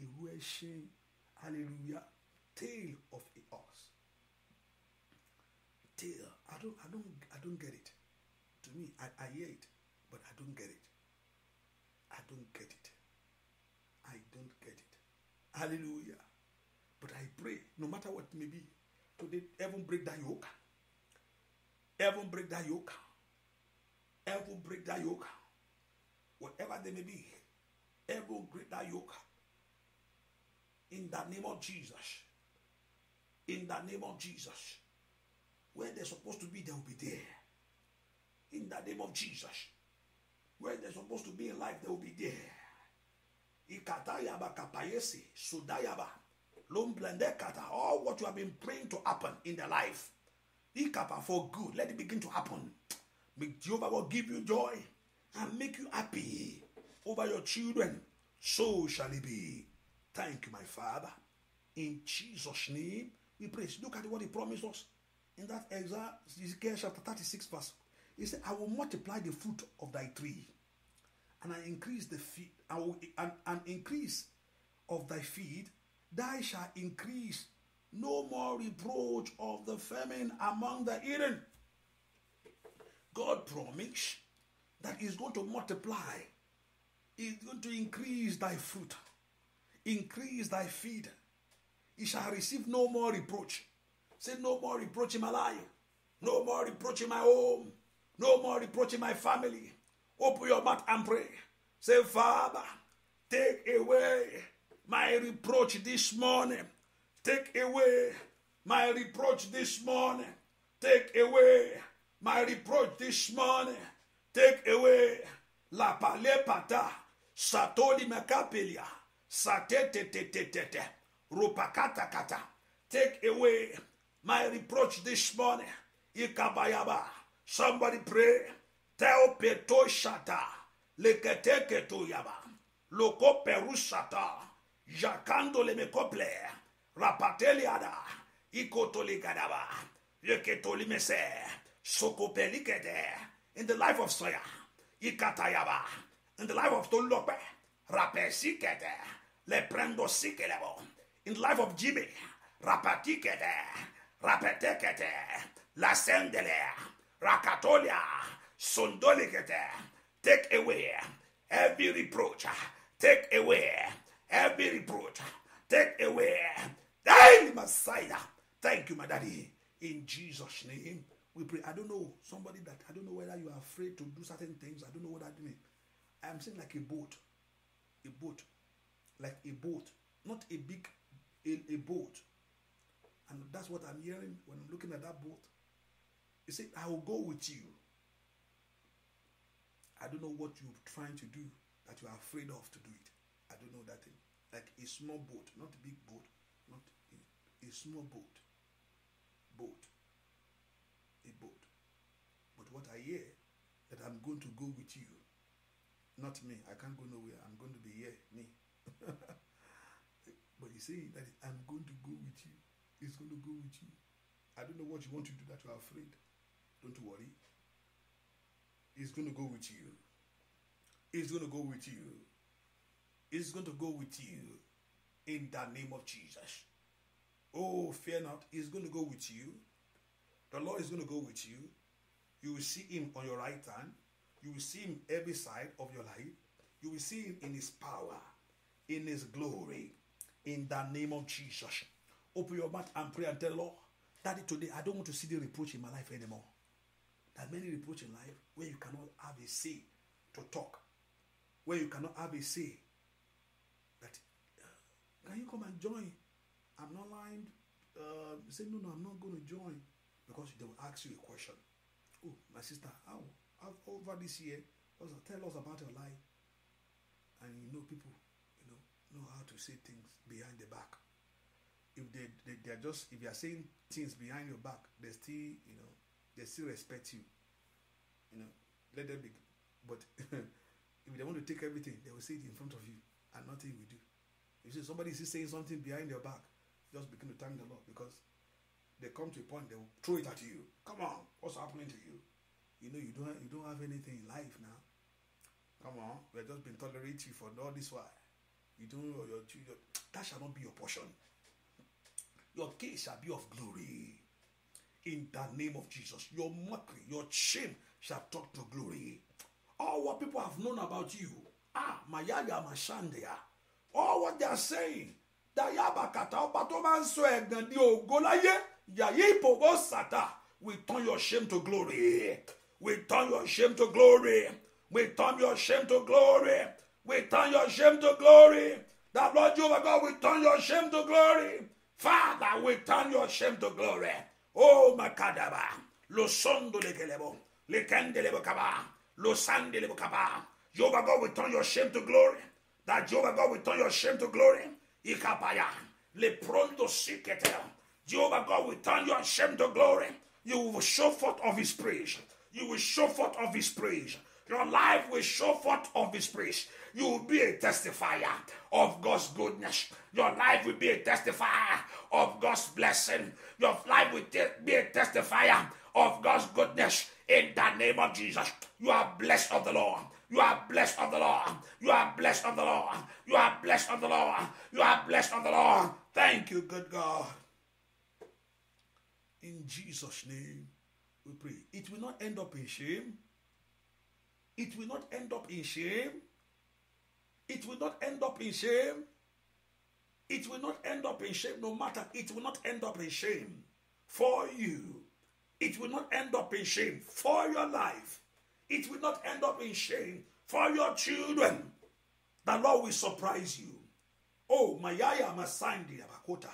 Irú ẹṣin, hallelujah. Tale of a horse. Tale. I don't I don't I don't get it. To me, I, I hear it, but I don't get it. I don't get it. I don't get it. Hallelujah. Lord, I pray, no matter what may be, today, heaven break that yoke. Heaven break that yoke. Heaven break that yoke. Whatever they may be, heaven break that yoke. In the name of Jesus. In the name of Jesus. Where they're supposed to be, they'll be there. In the name of Jesus. Where they're supposed to be in life, they'll be there. Ikatayaba kapayesi sudayaba All what you have been praying to happen in their life. For good. Let it begin to happen. Jehovah will give you joy and make you happy over your children. So shall it be. Thank you, my Father. In Jesus' name, we praise. Look at what he promised us in that exile, Ezekiel chapter 36, verse. He said, I will multiply the fruit of thy tree, and I increase the feed, I will and, and increase of thy feed, Thou shalt increase no more reproach of the famine among the Eden. God promised that He's going to multiply, He's going to increase thy fruit, increase thy feed. He shall receive no more reproach. Say, No more reproach in my life, no more reproach in my home, no more reproach in my family. Open your mouth and pray. Say, Father, take away my reproach this morning. Take away my reproach this morning. Take away my reproach this morning. Take away la pale pata satoli mekapelia satete te te te te rupakata kata. Take away my reproach this morning. Ikabayaba. Somebody pray. Tell peto shata leketeke to yaba loko peru shata. Jacando le mekople. Rapateliada. Ikotoli kadaba. Yeketoli mese. Sokopeli kede. In the life of Soya. Ikatayaba. In the life of Tolope. Rapesi kede. Le prendo sikelebo. In the life of Jimmy. Rapati kede. Rapete kede. La sendele. Rakatolia. Sondolikete. Take away every reproach. Take away every reproach. Take away thy Messiah. Thank you, my daddy. In Jesus' name, we pray. I don't know somebody that I don't know whether you are afraid to do certain things. I don't know what that means. I am saying like a boat, a boat, like a boat, not a big, a, a boat. And that's what I'm hearing when I'm looking at that boat. He said, I will go with you. I don't know what you're trying to do that you are afraid of to do it. I don't know that thing like a small boat, not a big boat, not a, a small boat, boat, a boat. But what I hear that I'm going to go with you, not me. I can't go nowhere. I'm going to be here, me. [LAUGHS] but he's saying that I'm going to go with you. He's going to go with you. I don't know what you want to do that you are afraid. Don't worry. He's going to go with you. He's going to go with you is going to go with you in the name of Jesus. Oh, fear not, He's going to go with you. The Lord is going to go with you. You will see Him on your right hand. You will see Him every side of your life. You will see Him in His power, in His glory, in the name of Jesus. Open your mouth and pray and tell Lord, Daddy, today I don't want to see the reproach in my life anymore. There are many reproach in life where you cannot have a say to talk, where you cannot have a say Can you come and join? I'm not lying. Uh, say, No, no, I'm not going to join. Because they will ask you a question. Oh, my sister, how, how over this year, tell us about your life. And you know, people, you know, know how to say things behind the back. If they, they, they are just if you are saying things behind your back, they still you know they still respect you. You know, let them be. But [LAUGHS] if they want to take everything, they will say it in front of you, and nothing will do. You see, somebody is saying something behind your back. Just begin to thank the Lord because they come to a point they will throw it at you. Come on, what's happening to you? You know you don't you don't have anything in life now. Come on, we have just been tolerating you for all this while. You don't know your, your that shall not be your portion. Your case shall be of glory. In the name of Jesus, your mockery, your shame shall talk to glory. All what people have known about you, ah, my my Mashandea all what they are saying daya bàkàtà ọba tó máa ń sọ ẹ̀gàn di ògo láyé yàyí ìpòwò sàtà we turn your shame to glory we turn your shame to glory we turn your shame to glory we turn your shame to glory That lord jehovah god we turn your shame to glory father we turn your shame to glory oh makadaba losondo lekelebo lekendelebo kaba losandelebo kaba jehovah god we turn your shame to glory. That Jehovah God will turn your shame to glory. Ikapaya. Leprondo siketel. Jehovah God will turn your shame to glory. You will show forth of his praise. You will show forth of his praise. Your life will show forth of His praise. You will be a testifier of God's goodness. Your life will be a testifier of God's blessing. Your life will be a testifier of God's goodness in the name of Jesus. You are blessed of the Lord. You are blessed of the Lord. You are blessed of the Lord. You are blessed of the Lord. You are blessed of the Lord. Thank you, good God. In Jesus' name, we pray. It will not end up in shame. It will not end up in shame. It will not end up in shame. It will not end up in shame, no matter. It will not end up in shame for you. It will not end up in shame for your life. It will not end up in shame for your children. The Lord will surprise you. Oh, Mayaya Masandi Abakota.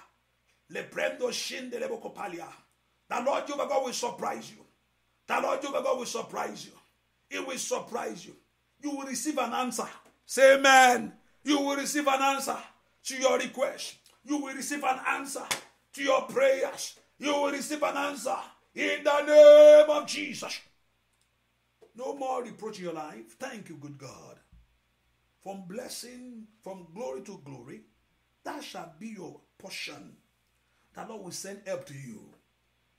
Lebrendo Shinde Lebokopalia. The Lord Jehovah God will surprise you. The Lord Jehovah God will surprise you. It will surprise you. You will receive an answer. Say amen. You will receive an answer to your request. You will receive an answer to your prayers. You will receive an answer in the name of Jesus. No more reproach in your life. Thank you, good God. From blessing, from glory to glory, that shall be your portion. The Lord will send help to you.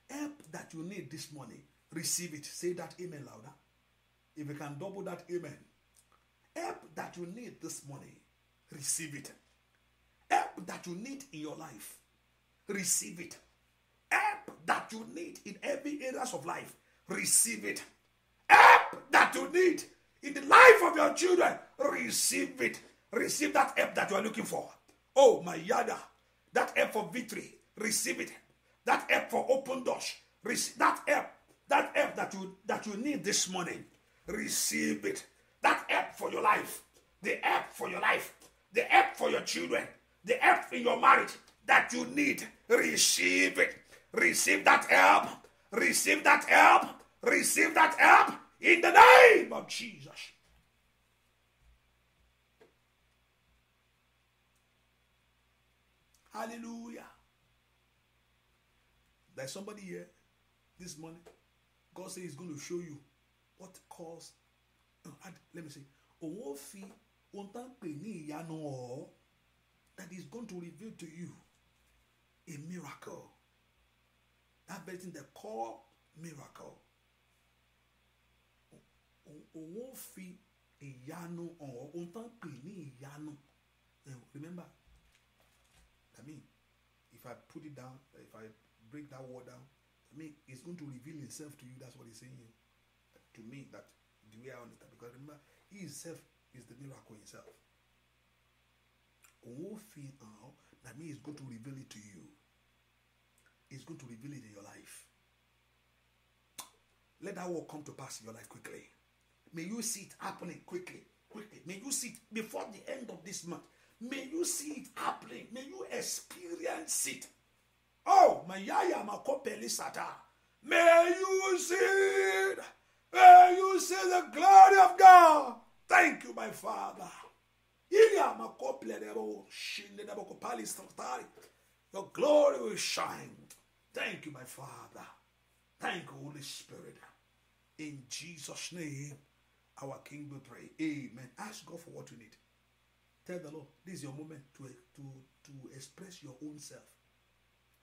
Help that you need this morning. Receive it. Say that amen louder. If you can double that amen. Help that you need this morning. Receive it. Help that you need in your life. Receive it. Help that you need in every areas of life. Receive it help that you need in the life of your children, receive it. Receive that help that you are looking for. Oh, my Yada, that help for victory, receive it. That help for open doors, receive that help. That help that you that you need this morning, receive it. That help for your life, the help for your life, the help for your children, the help in your marriage that you need, receive it. Receive that help. Receive that help Receive that help in the name of Jesus. Hallelujah. There's somebody here this morning. God says He's going to show you what caused. Uh, let me say, owó fi ohun tá that is going to reveal to you a miracle. That betting the core miracle òun ó fi ìyanu hàn ọ́ ohun tán pè ní ìyanu remember i mean if i put it down if i break that word down i mean it's going to reveal himself to you that's what he's saying to me that the way i understand because remember he himself is the miracle himself òun ó fi hàn ọ́ that means he's going to reveal it to you he's going to reveal it in your life let that word come to pass in your life quickly. May you see it happening quickly, quickly. May you see it before the end of this month. May you see it happening. May you experience it. Oh, Mayaya Makopeli Sata. May you see it. May you see the glory of God. Thank you, my Father. Your glory will shine. Thank you, my Father. Thank you, Holy Spirit. In Jesus' name our King will pray. Amen. Ask God for what you need. Tell the Lord, this is your moment to, to, to express your own self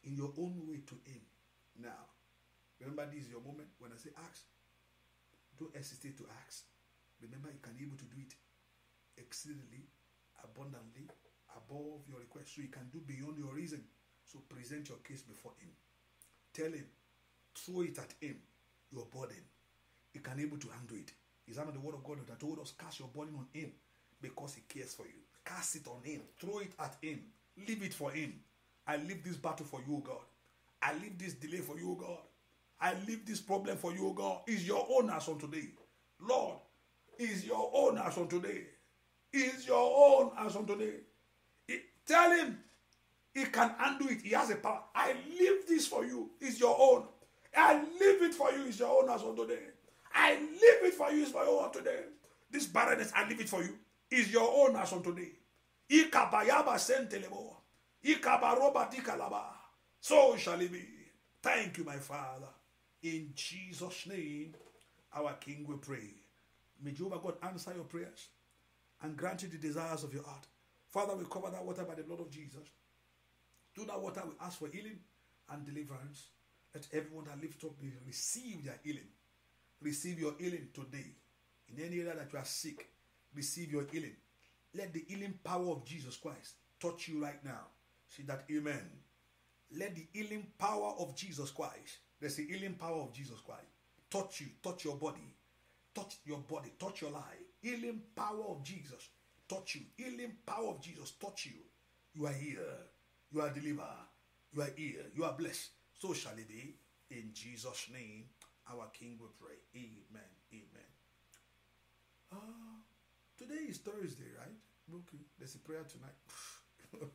in your own way to Him. Now, remember, this is your moment. When I say ask, don't hesitate to ask. Remember, you can be able to do it exceedingly, abundantly, above your request. So you can do beyond your reason. So present your case before Him. Tell Him, throw it at Him, your burden. He can be able to handle it. Is that not the word of God that told us cast your burden on Him because He cares for you? Cast it on Him, throw it at Him, leave it for Him. I leave this battle for you, God. I leave this delay for you, God. I leave this problem for you, God. Is your own as on today, Lord? Is your own as on today? Is your own as on today? It, tell Him He can undo it. He has a power. I leave this for you. Is your own. I leave it for you. Is your own as on today. I leave it for you. is my own today. This barrenness, I leave it for you. Is your own as on today. Ikabayaba sentelebo. Ikabaroba dikalaba. So shall it be. Thank you, my Father. In Jesus' name, our King will pray. May Jehovah God answer your prayers and grant you the desires of your heart. Father, we cover that water by the blood of Jesus. Do that water, we ask for healing and deliverance. Let everyone that lifts up be receive their healing receive your healing today. In any area that you are sick, receive your healing. Let the healing power of Jesus Christ touch you right now. See that amen. Let the healing power of Jesus Christ, there's the healing power of Jesus Christ, touch you, touch your body, touch your body, touch your life. Healing power of Jesus, touch you. Healing power of Jesus, touch you. You are here. You are delivered. You are here. You are blessed. So shall it be in Jesus' name our King, we pray. Amen. Amen. Uh, today is Thursday, right? Okay. There's a prayer tonight. [LAUGHS]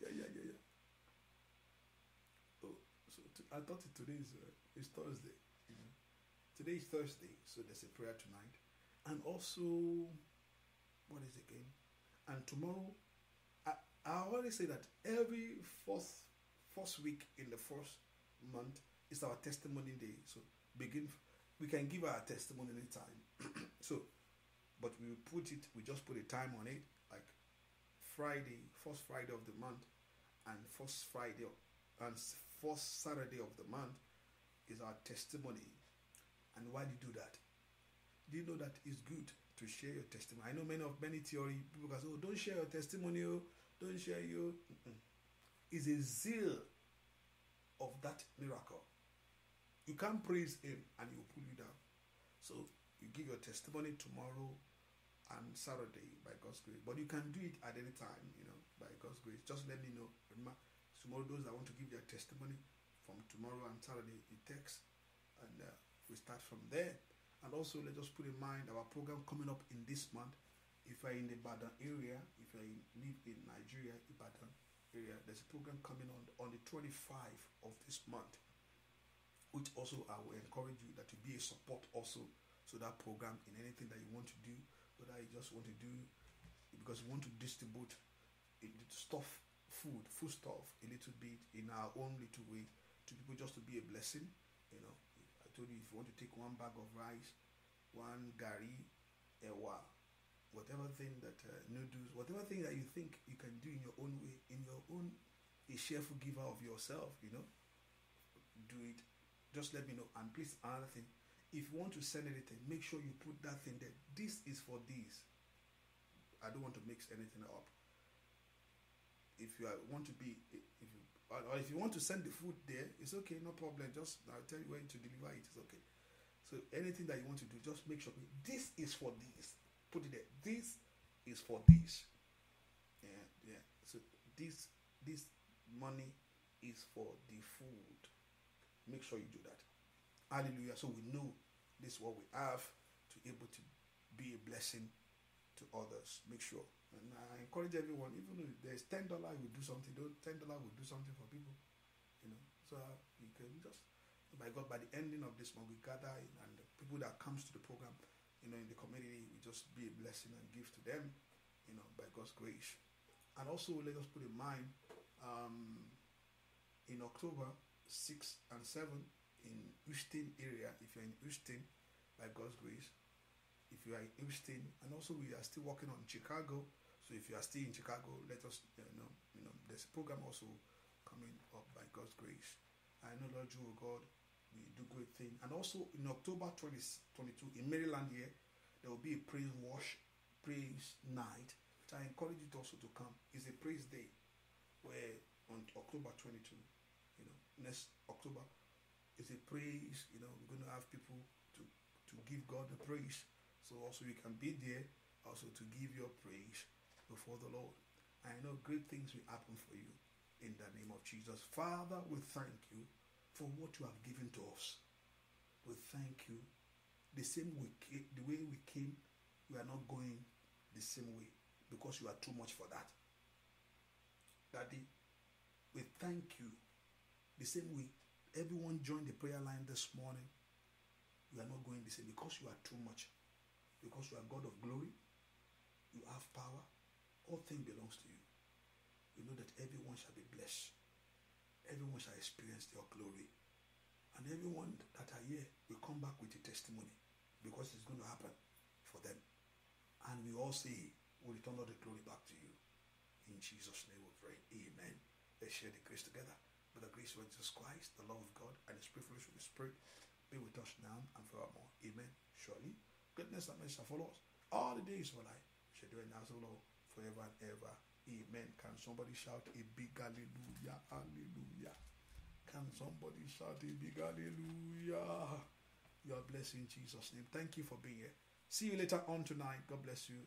yeah, yeah, yeah, yeah. Oh, so I thought today is uh, it's Thursday. You Today is Thursday, so there's a prayer tonight, and also, what is it again? And tomorrow, I I always say that every fourth first week in the first month is our testimony day. So begin we can give our testimony anytime [CLEARS THROAT] so but we put it we just put a time on it like friday first friday of the month and first friday and first saturday of the month is our testimony and why do you do that do you know that it's good to share your testimony i know many of many theory people can say oh don't share your testimony oh don't share your mm -mm. is a zeal of that miracle you can't praise Him and He will pull you down. So you give your testimony tomorrow and Saturday by God's grace. But you can do it at any time, you know, by God's grace. Just let me know. Remember, tomorrow those that want to give their testimony from tomorrow and Saturday, you text and uh, we start from there. And also, let us put in mind our program coming up in this month. If you're in the Badan area, if you live in Nigeria, Ibadan area, there's a program coming on on the 25th of this month which also I will encourage you that to be a support also to that program in anything that you want to do, whether you just want to do because you want to distribute stuff, food, food stuff a little bit in our own little way to people just to be a blessing. You know, I told you if you want to take one bag of rice, one gari, ewa, whatever thing that uh, noodles, whatever thing that you think you can do in your own way, in your own, a cheerful giver of yourself, you know, do it just let me know. And please, another thing, if you want to send anything, make sure you put that thing there. This is for these. I don't want to mix anything up. If you want to be, if you, or if you want to send the food there, it's okay, no problem. Just I'll tell you when to deliver it. It's okay. So anything that you want to do, just make sure this is for these. Put it there. This is for these. Yeah, yeah. So this this money is for the food. Make sure you do that. Hallelujah. So we know this is what we have to be able to be a blessing to others. Make sure. And I encourage everyone, even if there's ten dollar, we do something. Don't ten dollar will do something for people. You know. So uh, you can just by God, by the ending of this month, we gather and the people that comes to the program, you know, in the community, we just be a blessing and give to them, you know, by God's grace. And also let us put in mind, um, in October, 6 and 7 in Houston area if you're in Houston by God's grace if you are in Houston and also we are still working on Chicago so if you are still in Chicago let us you know you know there's a program also coming up by God's grace I know Lord you God we do great thing and also in October 2022 20, in Maryland here there will be a praise wash praise night which I encourage you also to come it's a praise day where on October 22 next October is a praise. You know, we're going to have people to to give God the praise. So also you can be there also to give your praise before the Lord. I know great things will happen for you in the name of Jesus. Father, we thank you for what you have given to us. We thank you. The same way came, the way we came, we are not going the same way because you are too much for that. Daddy, we thank you the same way everyone joined the prayer line this morning, you are not going the same because you are too much. Because you are God of glory, you have power, all things belongs to you. You know that everyone shall be blessed. Everyone shall experience your glory. And everyone that are here will come back with a testimony because it's going to happen for them. And we all say, we return all the glory back to you. In Jesus' name we pray. Amen. Let's share the grace together. But the grace of Jesus Christ, the love of God, and the spirit fellowship of the Spirit be with us now and forevermore. Amen. Surely, goodness and mercy shall follow us all the days of our life. We shall do it now, so Lord, forever and ever. Amen. Can somebody shout a big hallelujah? Hallelujah. Can somebody shout a big hallelujah? You are blessed in Jesus' name. Thank you for being here. See you later on tonight. God bless you.